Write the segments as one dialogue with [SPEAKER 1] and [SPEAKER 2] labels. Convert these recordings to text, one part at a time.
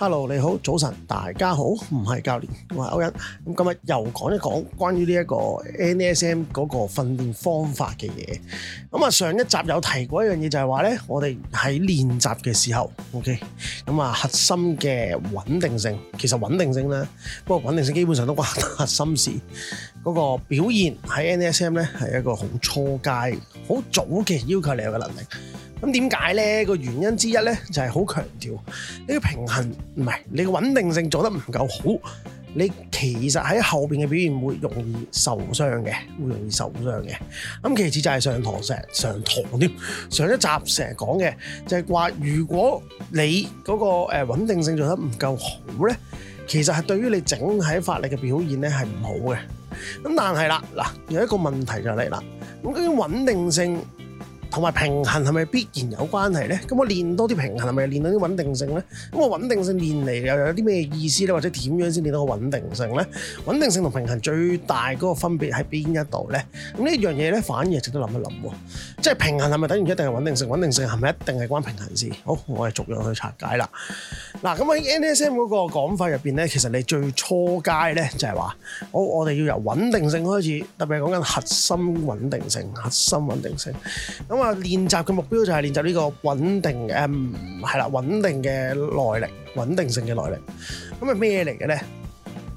[SPEAKER 1] Hello，你好，早晨，大家好，唔係教練，我係 Owen。咁今日又講一講關於呢一個 NASM 嗰個訓練方法嘅嘢。咁啊，上一集有提過一樣嘢，就係話咧，我哋喺練習嘅時候，OK，咁啊，核心嘅穩定性，其實穩定性咧，不過穩定性基本上都關核心事。嗰個表現喺 NASM 咧，係一個好初階、好早期要求你有嘅能力。咁點解咧？個原因之一咧，就係好強調呢個平衡，唔係你個穩定性做得唔夠好，你其實喺後邊嘅表現會容易受傷嘅，會容易受傷嘅。咁其次就係上堂時上堂添，上一集成日講嘅，就係話如果你嗰個誒穩定性做得唔夠好咧，其實係對於你整體法力嘅表現咧係唔好嘅。咁但係啦，嗱有一個問題就嚟啦，咁究竟穩定性，同埋平衡係咪必然有關係咧？咁我練多啲平衡係咪練到啲穩定性咧？咁我穩定性練嚟又有啲咩意思咧？或者點樣先練到個穩定性咧？穩定性同平衡最大嗰個分別喺邊一度咧？咁呢樣嘢咧，反而值得諗一諗喎。即係平衡係咪等於一定係穩定性？穩定性係咪一定係關平衡事？好，我哋逐樣去拆解啦。嗱，咁喺 NASM 嗰個講法入面咧，其實你最初階咧就係話，好，我哋要由穩定性開始，特別係講緊核心穩定性，核心穩定性。咁啊，練習嘅目標就係練習呢個穩定誒，係啦，穩定嘅耐力，穩定性嘅耐力。咁係咩嚟嘅咧？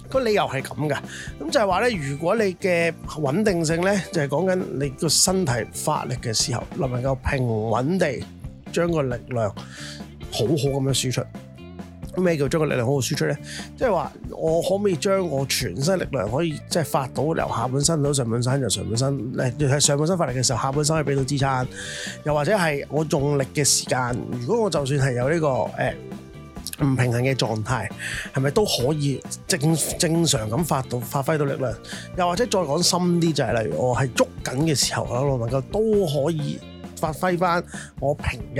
[SPEAKER 1] 個理由係咁嘅。咁就係話咧，如果你嘅穩定性咧，就係講緊你個身體發力嘅時候，能唔能夠平穩地將個力量好好咁樣輸出。咩叫將個力量好好輸出咧？即係話我可唔可以將我全身力量可以即係發到？由下半身到上半身，由上半身誒由、呃、上半身發力嘅時候，下半身可以俾到支撐。又或者係我用力嘅時間，如果我就算係有呢、這個誒唔、欸、平衡嘅狀態，係咪都可以正正常咁發到發揮到力量？又或者再講深啲，就是，就係例如我係郁緊嘅時候，我能夠都可以。發揮返我平日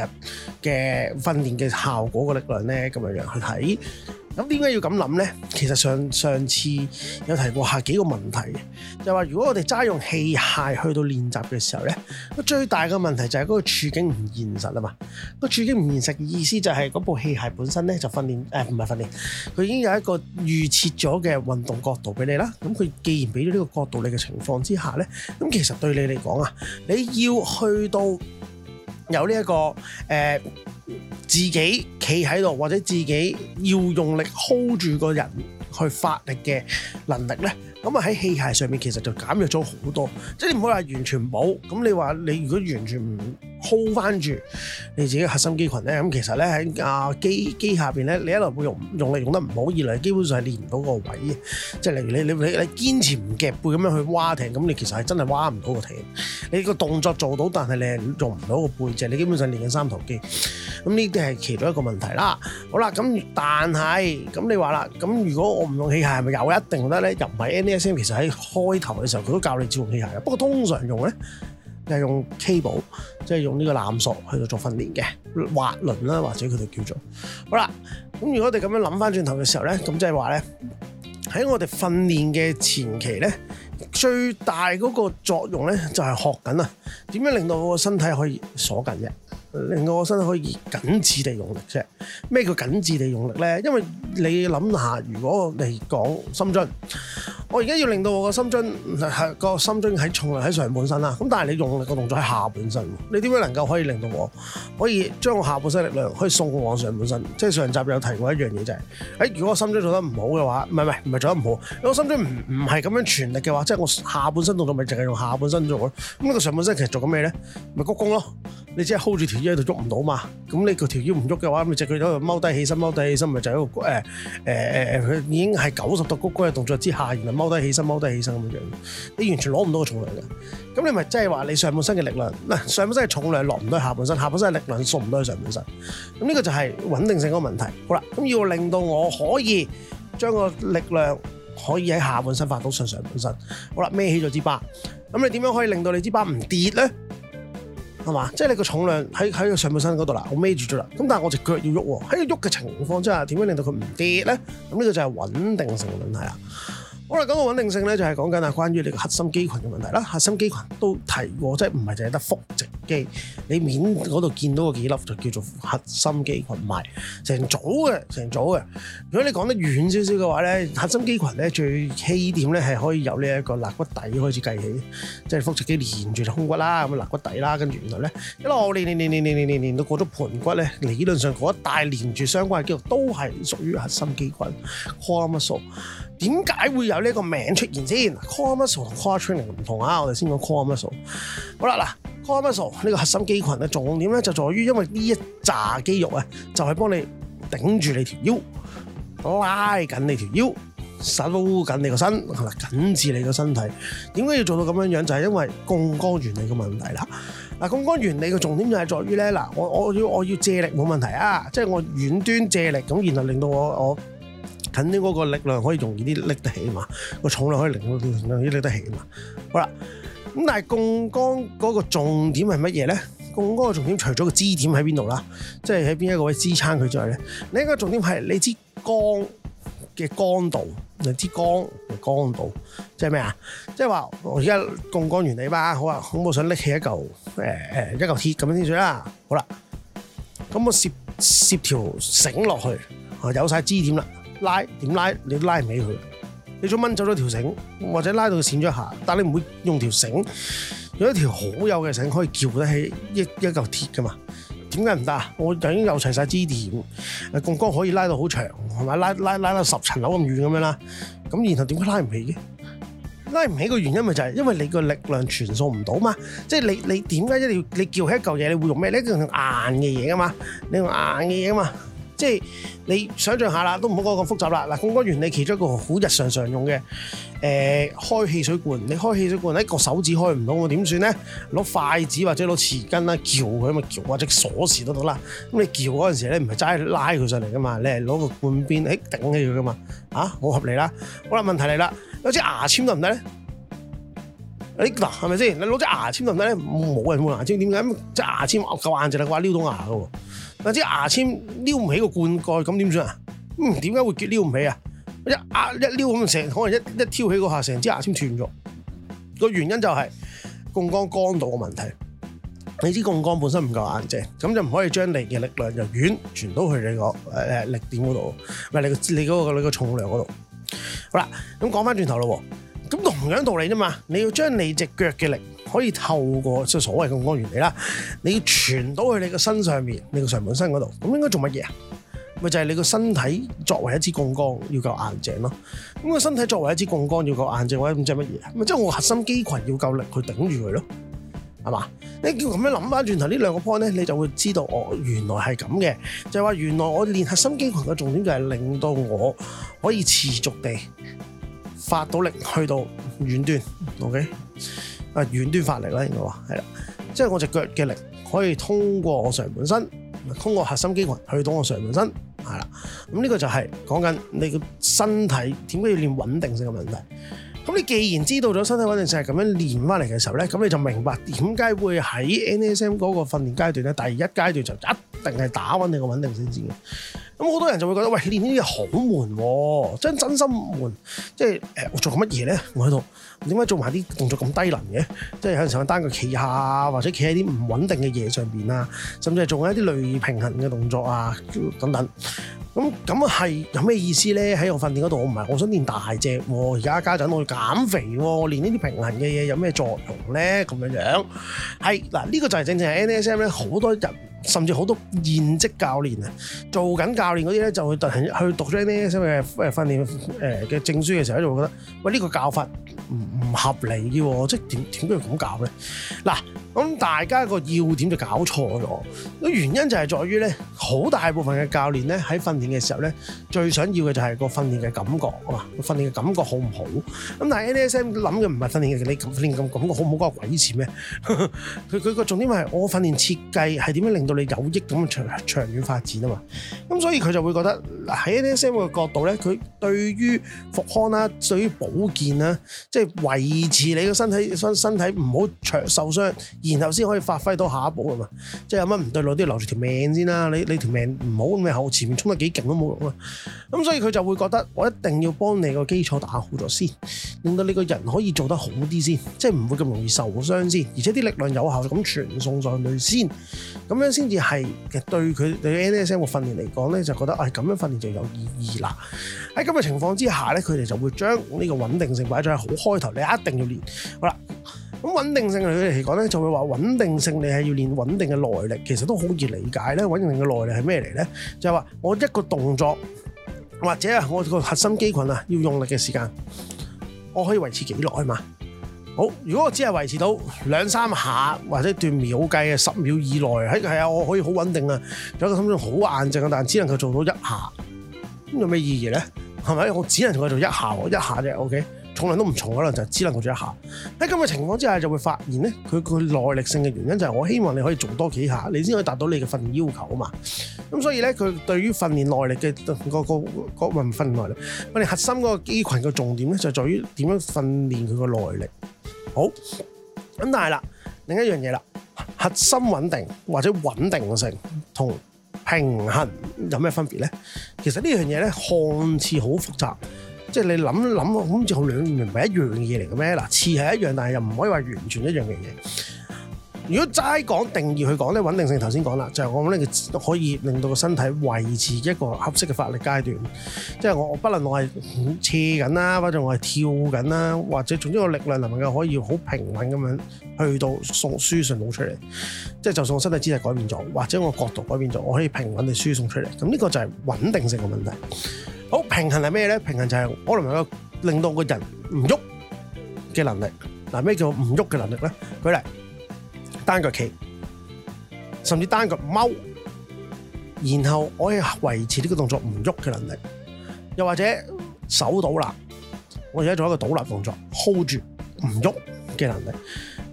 [SPEAKER 1] 嘅訓練嘅效果嘅力量呢，咁樣樣去睇。咁點解要咁諗呢？其實上上次有提過下幾個問題就話如果我哋齋用器械去到練習嘅時候呢，最大嘅問題就係嗰個處境唔現實啊嘛。個處境唔現實嘅意思就係嗰部器械本身呢，就訓練，呃、唔係訓練，佢已經有一個預設咗嘅運動角度俾你啦。咁佢既然俾咗呢個角度你嘅情況之下呢，咁其實對你嚟講啊，你要去到有呢、這、一個誒。呃自己企喺度，或者自己要用力 hold 住個人去發力嘅能力咧，咁啊喺器械上面其實就減弱咗好多。即係你唔好話完全冇，咁你話你如果完全唔 hold 翻住你自己核心肌群咧，咁其實咧喺啊機機下邊咧，你一路用用力用得唔好，以嚟，基本上係練唔到個位嘅。即係例如你你你堅持唔夾背咁樣去蛙艇，咁你其實係真係蛙唔到個艇。你個動作做到，但係你係用唔到個背脊，你基本上練緊三頭肌。咁呢啲係其中一個問題啦。好啦，咁但係咁你話啦，咁如果我唔用器械係咪有一定得咧？又唔係 NASM 其實喺開頭嘅時候佢都教你操控器械嘅。不過通常用咧係、就是、用 cable，即係用呢個纜索去到做訓練嘅滑輪啦，或者佢哋叫做。好啦，咁如果我哋咁樣諗翻轉頭嘅時候咧，咁即係話咧喺我哋訓練嘅前期咧，最大嗰個作用咧就係、是、學緊啊，點樣令到我個身體可以鎖緊啫。令我身可以緊致地用力啫。咩叫緊致地用力呢？因為你諗下，如果你講講深圳。我而家要令到我嘅心、啊那個心樽係個心樽喺重量喺上半身啦，咁但係你用力個動作喺下半身，你點樣能夠可以令到我可以將我下半身嘅力量可以送往上半身？即係上集有提過一樣嘢就係、是：，誒、欸、如果我心樽做得唔好嘅話，唔係唔係唔係做得唔好，如果我心樽唔唔係咁樣全力嘅話，即係我下半身動作咪淨係用下半身做咯。咁、那、呢個上半身其實做緊咩咧？咪鞠躬咯。你只係 hold 住條腰喺度喐唔到嘛。咁你個條腰唔喐嘅話，咁隻腳喺度踎低起身，踎低起身咪就喺度。誒誒誒誒，佢、呃、已經係九十度鞠躬嘅動作之下，原踎低起身，踎低起身咁樣，你完全攞唔到個重量嘅。咁你咪即係話你上半身嘅力量嗱，上半身嘅重量落唔到去下半身，下半身嘅力量送唔到去上半身。咁呢個就係穩定性嗰個問題。好啦，咁要令到我可以將個力量可以喺下半身發到上上半身。好啦，孭起咗支巴，咁你點樣可以令到你支巴唔跌咧？係嘛？即係你個重量喺喺上半身嗰度啦，我孭住咗啦。咁但係我隻腳要喐喎，喺個喐嘅情況之下，點樣令到佢唔跌咧？咁呢個就係穩定性嘅問題啦。好啦，咁個穩定性咧，就係講緊啊，關於你個核心肌群嘅問題啦。核心肌群都提過，即係唔係淨係得腹直肌，你面嗰度見到幾個幾粒就叫做核心肌群。唔係成組嘅，成組嘅。如果你講得遠少少嘅話咧，核心肌群咧最稀點咧係可以由呢一個肋骨底開始計起，即係腹直肌連住胸骨啦，咁肋骨底啦，跟住原來咧一路連連連連連連連到過咗盤骨咧，理論上嗰一帶連住相關嘅肌肉都係屬於核心肌群。How much so？點解會有？呢個名出現先，core muscle 同 core training 唔同啊！我哋先講 core muscle。好啦，嗱，core muscle 呢個核心肌群嘅重點咧就在於，因為呢一紮肌肉啊，就係幫你頂住你條腰，拉緊你條腰，收緊你個身，緊致你個身體。點解要做到咁樣樣？就係、是、因為槓桿原理嘅問題啦。嗱，槓桿原理嘅重點就係在於咧，嗱，我我要我要借力冇問題啊，即、就、係、是、我遠端借力，咁然後令到我我。近啲嗰個力量可以容易啲拎得起嘛，個重量可以拎到拎得起嘛。好啦，咁但係槓桿嗰個重點係乜嘢咧？槓桿個重點除咗個支點喺邊度啦，即係喺邊一個位支撐佢之外咧，另一個重點係你支桿嘅桿度，兩支桿嘅桿度，即係咩啊？即係話我而家槓桿原理吧，好吧啊，咁我想拎起一嚿誒誒一嚿鐵咁樣先算啦。好啦，咁我攝攝條繩落去，有晒支點啦。拉點拉，你都拉唔起佢。你將掹走咗條繩，或者拉到佢閃咗一下，但係你唔會用條繩，用一條好幼嘅繩可以撬得起一一嚿鐵㗎嘛？點解唔得啊？我就已經有齊晒支點，槓桿可以拉到好長，係咪拉拉拉到十層樓咁遠咁樣啦？咁然後點解拉唔起嘅？拉唔起個原因咪就係因為你個力量傳送唔到嘛。即係你你點解一定要你撬起一嚿嘢，你會用咩咧？你用硬嘅嘢啊嘛，你用硬嘅嘢啊嘛。即係你想像下啦，都唔好講咁複雜啦。嗱，槓桿原理其中一個好日常常用嘅，誒、呃、開汽水罐，你開汽水罐一個手指開唔到，點算咧？攞筷子或者攞匙羹啦，撬佢咪撬，或者鎖匙都得啦。咁你撬嗰陣時咧，唔係齋拉佢上嚟噶嘛，你係攞個罐邊誒頂起佢噶嘛。啊，好、啊、合理啦。好啦，問題嚟啦，有支牙籤得唔得咧？你嗱係咪先？你攞支牙籤得唔得咧？冇人冇牙籤點解？即牙籤夠硬淨係，話撩到牙噶喎。嗱，支牙籤撩唔起個罐蓋，咁點算啊？嗯，點解會撩唔起啊？一壓一撩咁，成可能一一挑起嗰下，成支牙籤斷咗。個原因就係槓桿剛度嘅問題。你支槓桿本身唔夠硬淨，咁就唔可以將你嘅力量就遠傳到去你個誒誒力點嗰度，唔係你，你、嗰個你你重量嗰度。好啦，咁講翻轉頭咯喎。咁同樣道理啫嘛，你要將你隻腳嘅力可以透過即係所謂嘅槓桿原理啦，你要傳到去你個身上面，你個上半身嗰度，咁應該做乜嘢啊？咪就係、是、你個身體作為一支槓桿要夠硬淨咯。咁個身體作為一支槓桿要夠硬淨，或者咁即係乜嘢啊？咪即係我核心肌群要夠力去頂住佢咯，係嘛？你叫咁樣諗翻轉頭呢兩個 point 咧，你就會知道哦，原來係咁嘅，就係、是、話原來我練核心肌群嘅重點就係令到我可以持續地。發到力去到遠端，OK？啊，遠端發力啦，應該話係啦，即係我隻腳嘅力可以通過我上半身，通過核心肌群去到我上半身，係啦。咁呢個就係、是、講緊你個身體點解要練穩定性嘅問題。咁你既然知道咗身體穩定性係咁樣練翻嚟嘅時候咧，咁你就明白點解會喺 NASM 嗰個訓練階段咧，第一階段就一定係打穩你個穩定先嘅。咁好多人就會覺得，喂練呢啲嘢好悶喎，真真心悶。即係誒、呃，我做緊乜嘢咧？我喺度點解做埋啲動作咁低能嘅？即係有陣時有單腳企下，或者企喺啲唔穩定嘅嘢上邊啊，甚至係做緊一啲類平衡嘅動作啊，等等。咁咁係有咩意思咧？喺我訓練嗰度，我唔係，我想練大隻喎。而家家陣我要減肥喎，練呢啲平衡嘅嘢有咩作用咧？咁樣樣係嗱，呢個就係正正係 NASM 咧，好多人甚至好多現職教練啊，做緊教練嗰啲咧，就去讀去讀咗 NASM 嘅訓練嘅、呃、證書嘅時候咧，就會覺得喂，呢個教法。唔唔合理嘅，即係點點解要咁搞咧？嗱，咁大家個要點就搞錯咗，個原因就係在於咧，好大部分嘅教練咧喺訓練嘅時候咧，最想要嘅就係個訓練嘅感覺啊嘛，個訓練嘅感覺好唔好？咁但係 NASM 諗嘅唔係訓練嘅你訓練咁感覺好唔好嗰個鬼事咩？佢佢個重點係我訓練設計係點樣令到你有益咁長長遠發展啊嘛，咁所以佢就會覺得喺 NASM 嘅角度咧，佢對於復康啦，對於保健啦，即係。維持你個身體身身體唔好長受傷，然後先可以發揮到下一步啊嘛！即係有乜唔對路都要留住條命先啦。你你條命唔好，咁咪後前面衝得幾勁都冇用啦。咁所以佢就會覺得我一定要幫你個基礎打好咗先，令到你個人可以做得好啲先，即係唔會咁容易受傷先，而且啲力量有效咁傳送上去先，咁樣先至係嘅對佢對 NASM 嘅訓練嚟講咧，就覺得啊咁、哎、樣訓練就有意義啦。喺咁嘅情況之下咧，佢哋就會將呢個穩定性或者係好開。開頭你一定要練好啦。咁穩定性對你嚟講咧，就會話，穩定性你係要練穩定嘅耐力，其實都好易理解咧。穩定性嘅耐力係咩嚟咧？就係話，我一個動作或者啊，我個核心肌群啊，要用力嘅時間，我可以維持幾耐嘛？好，如果我只係維持到兩三下或者段秒計嘅十秒以內，喺係啊，我可以好穩定啊，有個心中好硬靜啊，但只能夠做到一下，咁有咩意義咧？係咪？我只能同佢做一下，我一下啫，OK。重量都唔重，可能就只能做咗一下。喺咁嘅情況之下，就會發現咧，佢佢耐力性嘅原因就係我希望你可以做多幾下，你先可以達到你嘅訓練要求啊嘛。咁所以咧，佢對於訓練耐力嘅個個各部分訓練耐力，訓練核心嗰個肌羣嘅重點咧，就在於點樣訓練佢個耐力。好，咁但係啦，另一樣嘢啦，核心穩定或者穩定性同平衡有咩分別咧？其實呢樣嘢咧，看似好複雜。即係你諗諗，諗好似兩樣唔係一樣嘢嚟嘅咩？嗱，似係一樣，但係又唔可以話完全一樣嘅嘢。如果齋講定義去講咧，穩定性頭先講啦，就係、係、我呢個可以令到個身體維持一個合適嘅發力階段。即係我，不我不論我係斜緊啦，或者我係跳緊啦，或者總之個力量能唔能夠可以好平穩咁樣去到送輸送到出嚟。即係就算我身體姿勢改變咗，或者我角度改變咗，我可以平穩地輸送出嚟。咁呢個就係穩定性嘅問題。好，平衡係咩咧？平衡就係可能係個令到個人唔喐嘅能力。嗱，咩叫唔喐嘅能力咧？舉例單腳企，甚至單腳踎，然後可以維持呢個動作唔喐嘅能力。又或者手倒立，我而家做一個倒立動作，hold 住唔喐嘅能力。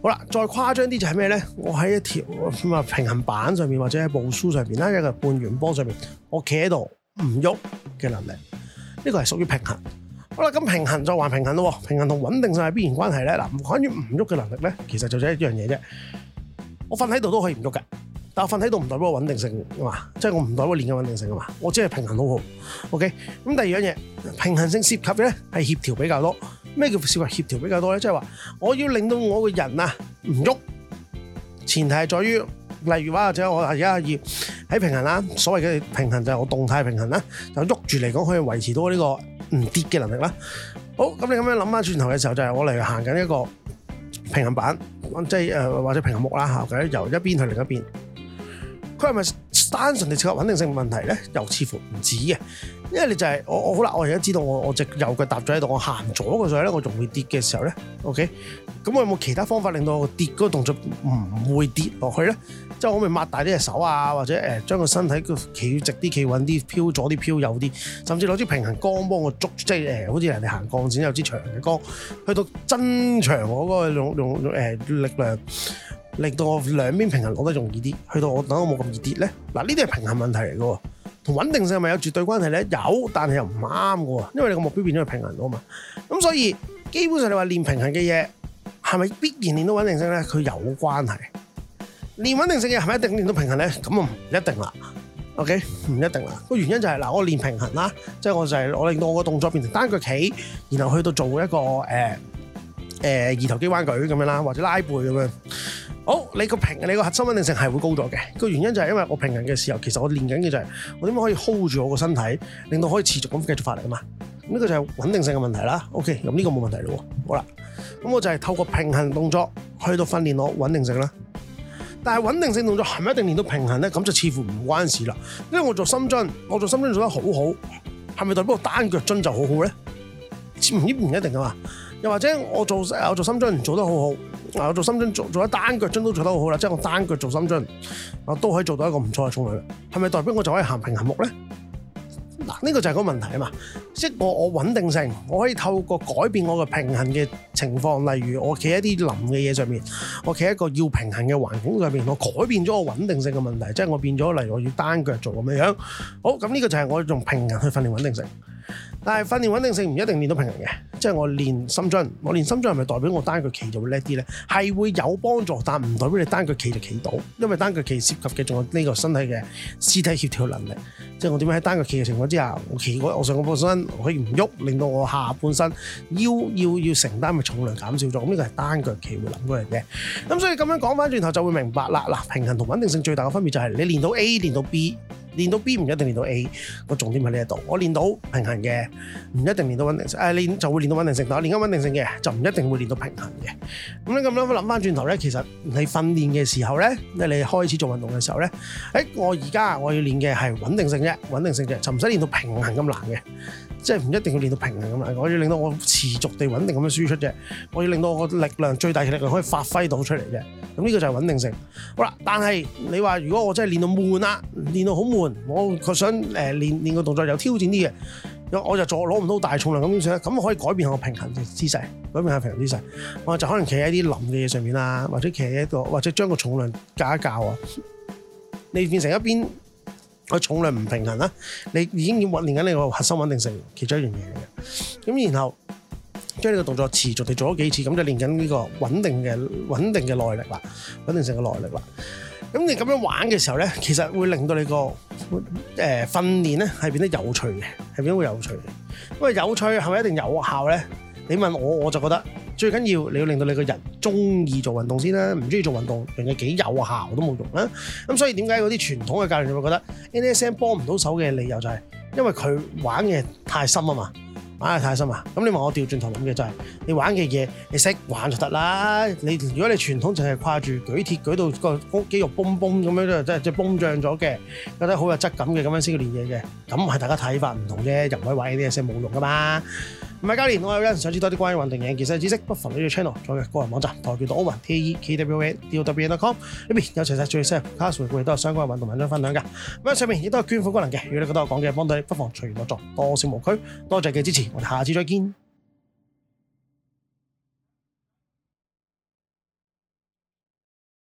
[SPEAKER 1] 好啦，再誇張啲就係咩咧？我喺一條咁啊平衡板上面，或者喺部書上邊啦，一個半圓波上面，我企喺度。唔喐嘅能力，呢個係屬於平衡。好啦，咁平衡就還平衡咯。平衡同穩定性係必然關係咧。嗱，關於唔喐嘅能力咧，其實就係一樣嘢啫。我瞓喺度都可以唔喐㗎，但係我瞓喺度唔代表穩定性啊嘛，即係我唔代表練嘅穩定性啊嘛，我只係平衡好好。OK，咁第二樣嘢，平衡性涉及嘅咧係協調比較多。咩叫涉及協調比較多咧？即係話我要令到我嘅人啊唔喐，前提係在於。例如話，或者我而家要喺平衡啦，所謂嘅平衡就係我動態平衡啦，就喐住嚟講可以維持到呢個唔跌嘅能力啦。好，咁你咁樣諗翻轉頭嘅時候，就係、是、我嚟行緊一個平衡板，即係誒或者平衡木啦嚇，或者由一邊去另一邊，佢係咪。單純地涉及穩定性問題咧，又似乎唔止嘅，因為你就係、是、我我好啦，我而家知道我我隻右腳踏咗喺度，我行咗腳上咧，我仲會跌嘅時候咧，OK，咁我有冇其他方法令到我跌嗰個動作唔會跌落去咧？即、就、係、是、我咪抹大啲隻手啊，或者誒、呃、將個身體企直啲、企穩啲、漂左啲、漂右啲，甚至攞支平衡桿幫我捉，即係誒、呃、好似人哋行鋼線有支長嘅桿，去到增長我個用用誒力量。令到我兩邊平衡攞得容易啲，去到我等我冇咁易跌咧。嗱，呢啲係平衡問題嚟嘅喎，同穩定性係咪有絕對關係咧？有，但係又唔啱嘅喎，因為你個目標變咗係平衡啊嘛。咁所以基本上你話練平衡嘅嘢係咪必然練到穩定性咧？佢有關係。練穩定性嘅係咪一定練到平衡咧？咁啊唔一定啦。OK，唔一定啦。個原因就係嗱，我練平衡啦，即係我就係我令到我個動作變成單腳企，然後去到做一個誒誒二頭肌彎舉咁樣啦，或者拉背咁樣。好，你個平，你個核心穩定性係會高咗嘅。個原因就係因為我平衡嘅時候，其實我練緊嘅就係、是、我點樣可以 hold 住我個身體，令到可以持續咁繼續發力啊嘛。呢、嗯，這個就係穩定性嘅問題啦。OK，咁呢個冇問題咯。好啦，咁、嗯、我就係透過平衡動作去到訓練我穩定性啦。但係穩定性動作係咪一定練到平衡咧？咁就似乎唔關事啦。因為我做深蹲，我做深蹲做得好好，係咪代表我單腳蹲就好好咧？唔唔一定噶嘛。又或者我做我做深蹲做得好好。啊、我做深蹲做做一單腳蹲都做得好好啦，即係我單腳做深蹲，我都可以做到一個唔錯嘅重量，係咪代表我就可以行平行平衡木咧？嗱、啊、呢，這個就係個問題啊嘛，即係我我穩定性，我可以透過改變我嘅平衡嘅情況，例如我企喺啲冧嘅嘢上面，我企喺一個要平衡嘅環境上邊，我改變咗我穩定性嘅問題，即係我變咗例如我要單腳做咁樣樣，好，咁、嗯、呢、這個就係我用平衡去訓練穩定性。但係訓練穩定性唔一定練到平衡嘅，即係我練深蹲，我練深蹲係咪代表我單腳企就會叻啲咧？係會有幫助，但唔代表你單腳企就企到，因為單腳企涉及嘅仲有呢個身體嘅肢體協調能力，即係我點樣喺單腳企嘅情況之下，我企我上個半身可以唔喐，令到我下半身腰要要，要，要承擔嘅重量減少咗，咁呢個係單腳企會諗到嚟嘅。咁所以咁樣講翻轉頭就會明白啦。嗱，平衡同穩定性最大嘅分別就係你練到 A，練到 B。練到 B 唔一定練到 A，個重點喺呢一度。我練到平衡嘅，唔一定練到穩定性。誒，練就會練到穩定性，但我練緊穩定性嘅就唔一定會練到平衡嘅。咁咧，咁樣諗翻轉頭咧，其實你訓練嘅時候咧，即係你開始做運動嘅時候咧，誒，我而家我要練嘅係穩定性啫，穩定性嘅就唔使練到平衡咁難嘅，即係唔一定要練到平衡咁難。我要令到我持續地穩定咁樣輸出啫，我要令到我力量最大嘅力量可以發揮到出嚟嘅。咁呢個就係穩定性。好啦，但係你話如果我真係練到悶啦，練到好悶。我佢想誒、呃、練練個動作有挑戰啲嘅，我我就做攞唔到大重量咁樣，咁可以改變下個平衡嘅姿勢，改變下平衡姿勢。我就可能企喺啲冧嘅嘢上面啦，或者企喺個，或者將個重量較一較啊。你變成一邊個重量唔平衡啦，你已經要穩練緊你個核心穩定性其中一樣嘢嚟嘅。咁然後將呢個動作持續地做咗幾次，咁就練緊呢個穩定嘅穩定嘅耐力啦，穩定性嘅耐力啦。咁你咁樣玩嘅時候咧，其實會令到你個、呃、訓練咧係變得有趣嘅，係變咗會有趣嘅。因為有趣係咪一定有效咧？你問我，我就覺得最緊要你要令到你個人中意做運動先啦、啊，唔中意做運動，令有幾有效都冇用啦、啊。咁所以點解嗰啲傳統嘅教練你會覺得 NASM 幫唔到手嘅理由就係因為佢玩嘅太深啊嘛。玩係太深啊！咁你問我調轉頭諗嘅就係，你玩嘅嘢你識玩就得啦。你如果你傳統淨係跨住舉鐵舉到個肌肉崩崩咁樣都係即係即係膨脹咗嘅，覺得好有質感嘅咁樣先叫練嘢嘅。咁係大家睇法唔同啫，又唔可以玩呢啲嘢，先冇用噶嘛。唔係，教練我有親想知多啲關於運動營養嘅知識，不妨喺個 channel 左腳個人網站跆拳道 OwenT A E K W O N D O W E N 點 com 上面有齊曬最新 cast 回顧，都係相關運動文章分享㗎。咁喺上面亦都係捐款功能嘅，如果你覺得我講嘅幫到你，不妨隨緣樂助，多謝無區，多謝嘅支持。我們下次再見。